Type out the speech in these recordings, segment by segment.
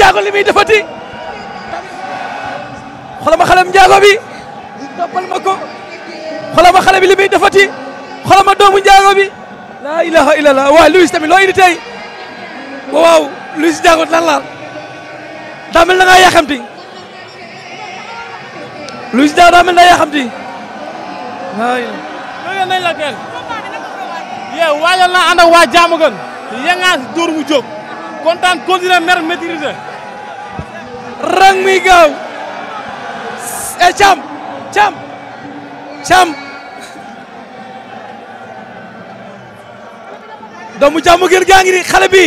Njaago li muy defati xoolal ma bi toppal ma ko xoolal ma bi doomu Njaago bi laa ilaha illallah waaw Luis tamit loo indi tey waaw Luis Njaago lan laal daa na ngaa yàqamti Luis Njaago daa mel na yàqamti waay yee waajal naa ànd waa jaamu gën yengaa si dóor mu jóg kontaan continuer mer maîtriser rang mi gaaw e eh, cam cam cam doomu jàmm gën gaa ngi ni xale bi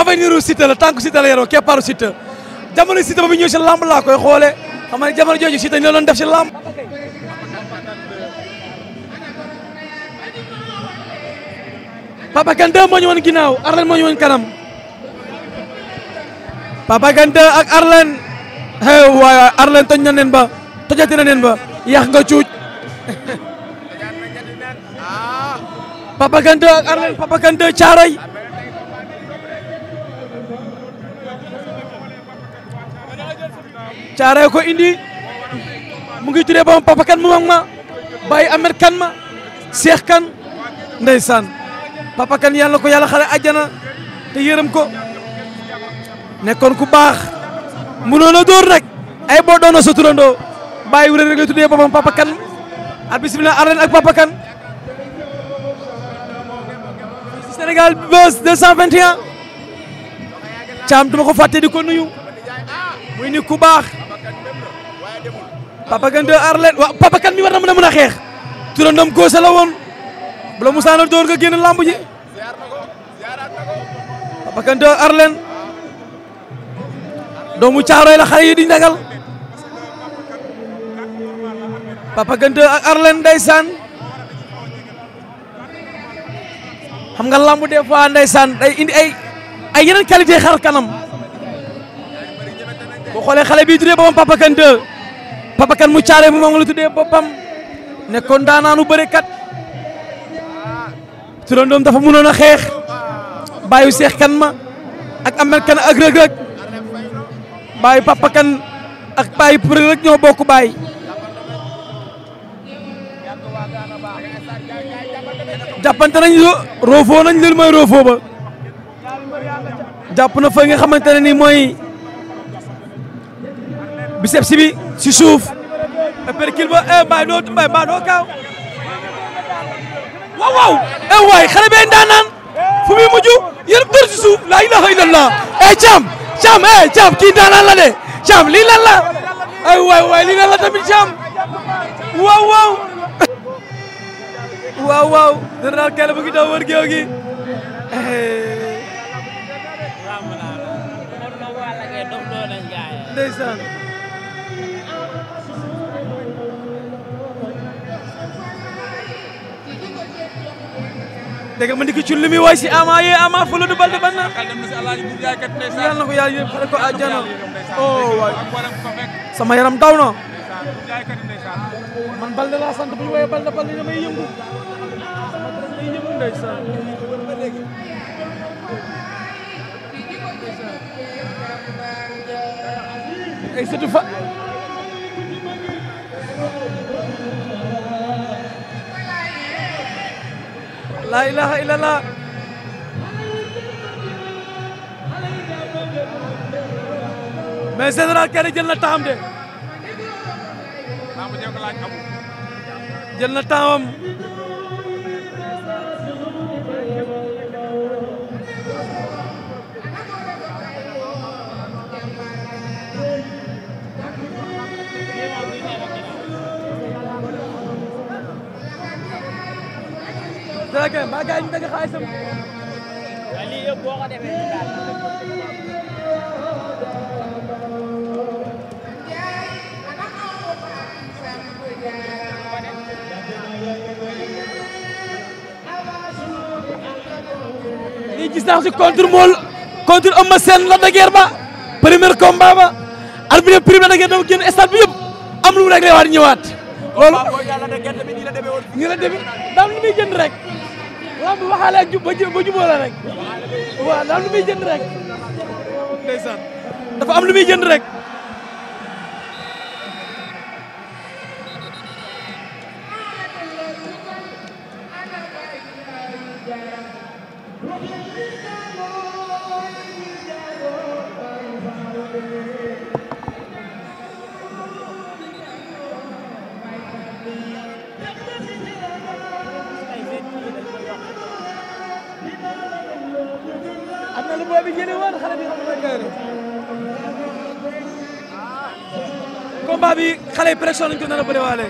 avenir u Siteu la tànku Siteu la yoroo keppaaru Siteu jamono Siteu lamb laa koy xoole xam nga jamono jooju Siteu ñu la def si lamb Papa Kane dë moo ñu woon ginnaaw Arlène moo ñu kanam Papa Gante ak Arlen hey waay Arlen na nen ba tojati na nen ba yàq nga cuuj Papa Gante ak Arlen Papa Gante caaray caaray ko indi mu ngi tuddee ba Papa kan mu mag ma Baye Ahmed kan ma Cheikh kan ndeysaan Papa kan yàlla ko yàlla xale àjjana te yërëm ko. nekkoon ku baax mënoon a dóor nag ay boo doon a sa turandoo bàyyi wu rek la tuddee boppam Papa Kane at bismillah Arlène ak Papa Kane Sénégal Buzz 221 caam duma ko fàtte di ko nuyu muy nit ku baax Papa Kane de Arlène waaw mi war na mën a mën a xeex turandoom góose la woon bu la musaana dóor nga génn lamb ji Papa Kane de doomu caaroy la xale yi di ndagal papa gënte ak Arlène ndeysaan xam nga lamb des fois ndeysaan day indi ay ay yeneen qualité xar kanam boo xoolee xale bii tuddee boppam papa gënte papa kan mu caare bu moom la tuddee boppam nekkoon daanaanu bëre kat turandoom dafa mënoon a xeex bàyyu seex kan ma ak amel kan ak rëg-rëg baayu Papa Kane ak baayu Preuve bokk baay jàppante nañ roofoo nañ leen mooy ba jàpp na fa nga xamante ne ni mooy biceps bi si suuf e eh, baay doo baay baa doo kaaw waaw waaw eh waay bee ndaa fu muy mujj yërëb dër si suuf laa ilaha illallah eh jàmm Thiam eh Thiam kii daanaan la de Thiam lii lan la ay waay waay lii lan la tamit Thiam waaw waaw. waaw waaw général Kairé bu ngi daw wër géew gi. Eh. ndeysaan. dégg nga ma dikk ci li muy woy si aama yee ama fële du bal de ban na. yàlla na ko yàlla yëpp xale ko àjjana. oh waay sama yaram daw na. man bal de laa sant bu ñu woyee bal de bal de damay yëngu. damay yëngu ndeysaan. ay sëtu la ilaha illallah mais général Kéré jël na taam de jël na taamam lii yëpp boo ko contre mool contre Eumeu Sène la dageer ba premier combat ba arbitre prime la dageer dama génn stade bi yëpp am lu mu réglé waat ñëwaat loolu. loolu nii la demee daan lu muy jënd rek. lamb waxaale ak jub ba rek waaw dafa am lu muy rek. ndeysaan dafa am lu muy jënd rek. booy bi jëlee woon xale bi xam nga kay rek. combat bi xale yi pression lañ ko nar a bëri waale.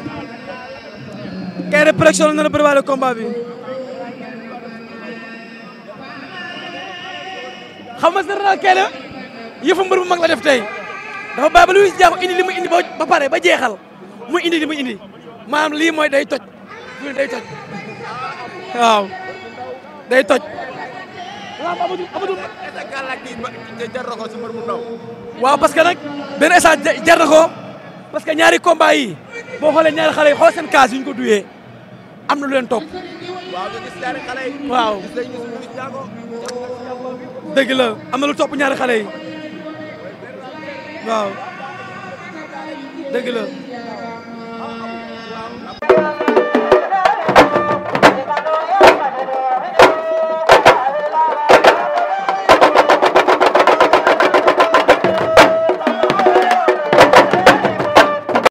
xam nga général kay la yëfu mbër bu mag la def tey dafa bàyyi ba si jaaxu indi li mu indi ba pare ba jeexal mu indi li mu indi maanaam lii mooy day toj. day toj waaw day toj. lamb amatul amatul. waaw parce que nag benn instant jar na ko parce que ñaari combat yi boo xoolee ñaari xale yi xool seen kaas yu ñu ko duyee am na lu leen topp. waaw nga gis ñaari xale dëgg la am na lu topp ñaari xale yi waaw dëgg la.